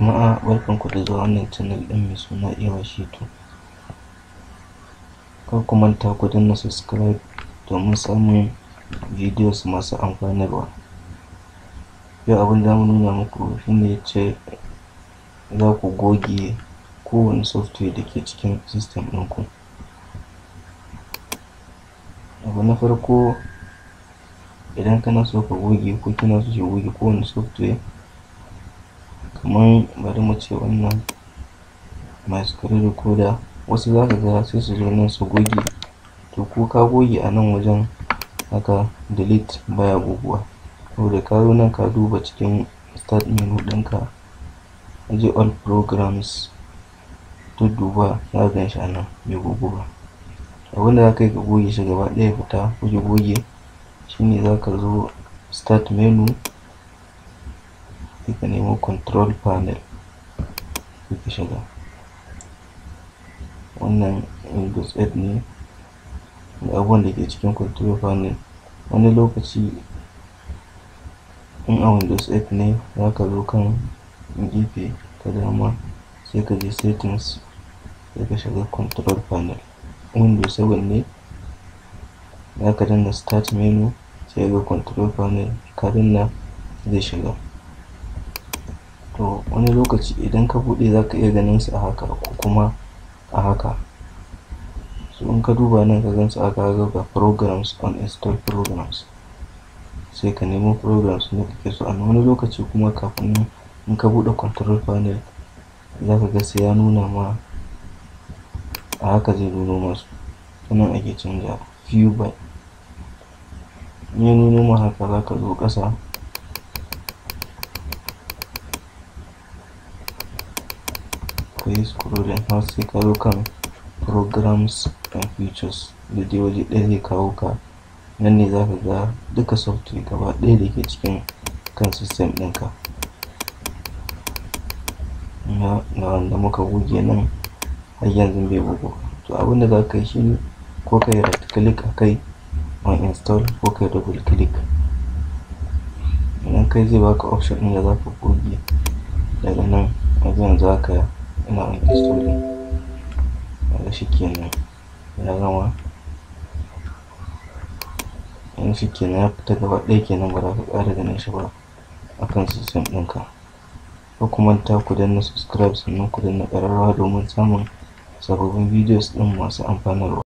jama'a barkanku da zuwa wannan channel ɗin mai suna Ewa Shitu kar ku manta ku danna subscribe domin samun videos masu amfanarwa yau abin da mu nuna muku ne ce za ku goge kowane software da ke cikin system ɗinku abu na farko idan kana so ka goge ko kina so ki goge kowane software kaman bari mu ce wannan my da koda wasu za ka ga sai su zo nan su goge to ko ka goge a nan wajen haka delete baya goguwa saboda ka zo nan ka duba cikin start menu ɗinka je all programs duba za ka gan shi a nan bai gogu ba abinda za ka yi ka goge shi gaba ɗaya ya fita ko ya goge shi ne za ka zo start menu sai ka nemo control panel sai ka shiga wannan windows 8 ne da abubuwan da ke cikin control panel wani lokaci in a windows 8 ne za ka zo kan gefe ta dama sai ka je settings sai ka shiga control panel windows 7 ne za ka danna start menu sai ga control panel ka danna zai shiga to wani lokaci idan ka buɗe za ka iya ganin su a haka ko kuma a haka so in ka duba nan ka gansu aka haka ga programs on install programs sai ka nemo programs ne kake so a wani lokaci kuma kafin in ka buɗe control panel za ka ga ya nuna ma a haka zai nuno masu sannan ake canja view by in ya nuno ma haka za ka zo kasa. yi scrolling har sai ka zo kan programs and features da dai waje ɗaya zai kawo ka nan ne za ka ga duka software gaba ɗaya da ke cikin kan system ɗinka na wanda muka goge nan har yanzu bai bugu to abinda za ka yi ne ko ka yi right click a kai on install ko ka yi double click idan kai zai baka option ɗin da za ka goge daga nan yanzu za ka kuma nake ya zama in shi ya fita gaba ɗaya kenan ba za ka ƙara ganin shi ba akan system ɗinka ko kuma ta ku danna subscribe sannan ku danna ƙararrawa domin samun sababbin videos ɗin masu amfanarwa